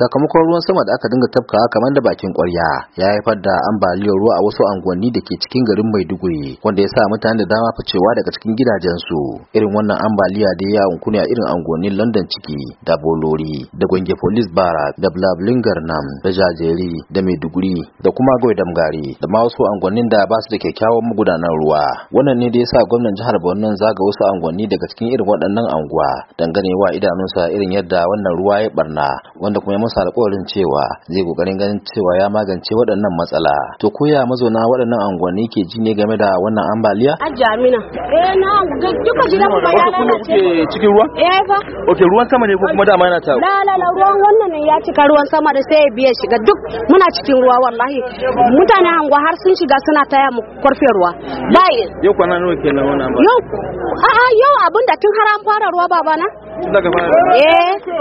sakamakon ruwan sama da aka dinga tafka kamar da bakin kwarya ya haifar da ambaliyar ruwa a wasu anguwanni da ke cikin garin maiduguri wanda ya sa mutane da dama ficewa daga cikin gidajensu irin wannan ambaliya da ya ne a irin anguwannin london ciki da bolori da gwange police bara da blablingar nam da jajeri da maiduguri da kuma goy damgari da ma wasu anguwannin da ba su da kyakkyawan magudanar ruwa wannan ne da ya sa gwamnan jihar borno zaga wasu anguwanni daga cikin irin waɗannan dangane wa idanunsa irin yadda wannan ruwa ya barna wanda kuma masa alƙawarin cewa zai ƙoƙarin ganin cewa ya magance waɗannan matsala to koya mazauna waɗannan unguwanni ke ji ne game da wannan ambaliya ajamina eh na duka jira mu ya lalace cikin ruwa eh fa okay ruwan sama ne ko kuma dama yana ta la la la ruwan wannan ne ya cika ruwan sama da sai ya biya shiga duk muna cikin ruwa wallahi mutane anguwa har sun shiga suna taya mu kwarfe ruwa bai yau kwana nawa kenan wannan ambaliya yau a yau abinda tun har an fara ruwa babana Eh. so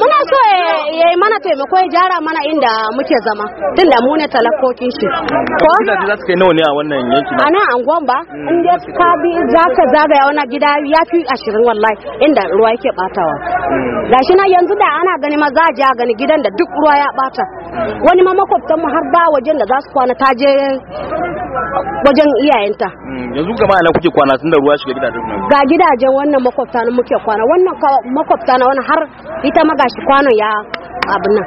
Muna so ya yi mana taimako ya jara mana inda muke zama. Tun da mune talakokin shi. Ko? Gidaje za su kai nawa ne a wannan yankin? A nan angon ba. In dai ka bi za ka zagaya wannan gida ya fi ashirin wallahi inda ruwa yake batawa. Hmm. Gashi na yanzu da ana gani ma za a ja gani gidan da duk ruwa ya bata. Hmm. Wani ma makwabtan mu har ba wajen da za su kwana ta je wajen iyayenta. Hmm. Yanzu kama ana kuke kwana tun da ruwa shiga gidajen. Ga gidajen wannan makwabtan makwabta na muke kwana wannan makwabta na wani har ita magashi kwanon ya abin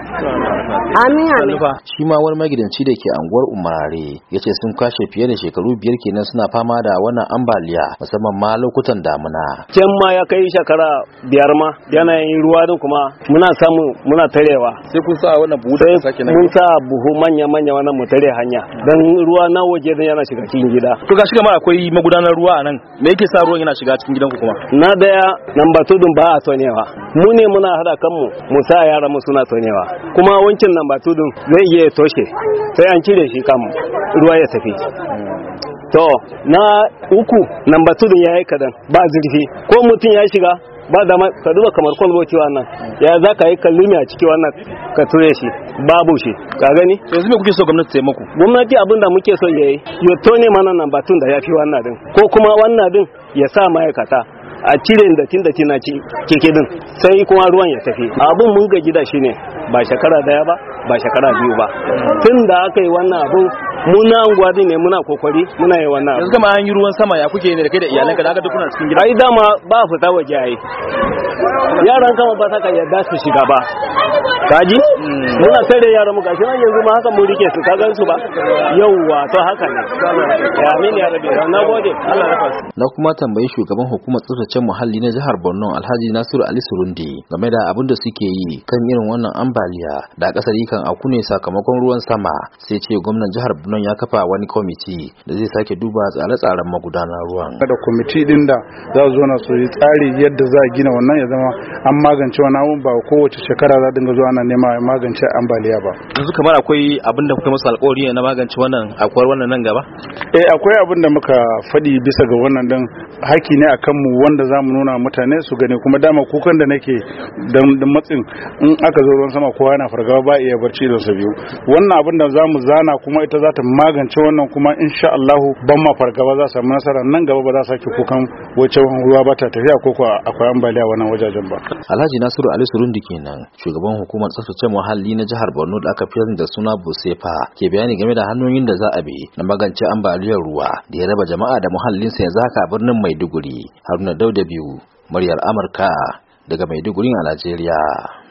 amin amin shi ma wani magidanci da ke anguwar umarare ya ce sun kwashe fiye da shekaru biyar kenan suna fama da wannan ambaliya musamman ma lokutan damuna can ma ya kai shekara biyar ma yanayin ruwa din kuma muna samu muna tarewa sai kun sa wannan buhu da sake nan mun sa buhu manya manya wannan mu tare hanya dan ruwa na waje din yana shiga cikin gida to gashi kamar akwai magudanar ruwa a nan me yake sa ruwan yana shiga cikin gidan ku kuma na daya ba tudun ba a tonewa. mu ne muna hada kanmu mu sa yaran mu suna tonewa kuma wankin nan ba tudun zai iya ya toshe sai an cire shi kan ruwa ya tafi to na uku nan ba tudun ya yi kadan ba zurfi ko mutum ya shiga ba da ka duba kamar kwalboci wannan ya za ka yi kallumi a ciki wannan ka ture shi babu shi ka gani yanzu me kuke so gwamnati ta maku gwamnati abin muke so ya yi ya tone mana nan batun da ya fi wannan din ko kuma wannan din ya sa ma'aikata a cire datin da na ciki din sai kuma ruwan ya tafi abun mun ga da shi ne ba shekara daya ba ba shekara biyu ba tun da aka yi wannan abu muna gwadi ne muna kokari muna yi wannan yanzu kama an yi ruwan sama ya kuke ne da kai da ka da aka duk kuna cikin gida ai dama ba fita waje ai yaran kama ba saka yadda su shiga ba kaji mm. muna tare yaran mu gashi nan yanzu ma haka mu rike su ka gan su ba yauwa to haka ne amin ya rabbi na gode Allah ya rafa na kuma tambayi shugaban hukumar tsaftace muhalli na jihar Borno Alhaji Nasiru Ali Surundi game da abin da suke yi kan irin wannan ambaliya da kasar kan aku ne sakamakon ruwan sama sai ce gwamnan jihar Borno ya kafa wani kwamiti da zai sake duba tsare-tsaren magudanar ruwan da kwamiti din da za su zo na su yi tsari yadda za a gina wannan ya zama an magance wani ba kowace shekara za dinga zuwa ana nema magance ambaliya ba yanzu kamar akwai abin da kuka masa alƙawari na magance wannan akwai wannan nan gaba eh akwai abin da muka faɗi bisa ga wannan din haki ne akan mu wanda za mu nuna mutane su gani kuma dama kukan da nake dan matsin in aka zo ruwan sama kowa yana fargaba ba iya barci da su biyu wannan abin da za mu zana kuma ita za ta magance wannan kuma insha Allah ban ma fargaba za samu nasara nan gaba ba za sake kukan wacce ruwa ba ta tafiya ko akwai ambaliya wannan wajajen ba Alhaji Nasiru Ali Surundi kenan shugaban hukumar hukumar tsaftace muhalli na jihar Borno da aka fi da suna Busefa ke bayani game da hanyoyin da za a bi na magance ambaliyar ruwa da ya raba jama'a da muhallin sa yanzu haka a birnin Maiduguri. Haruna Dauda biyu, muryar Amurka daga Maiduguri a Najeriya.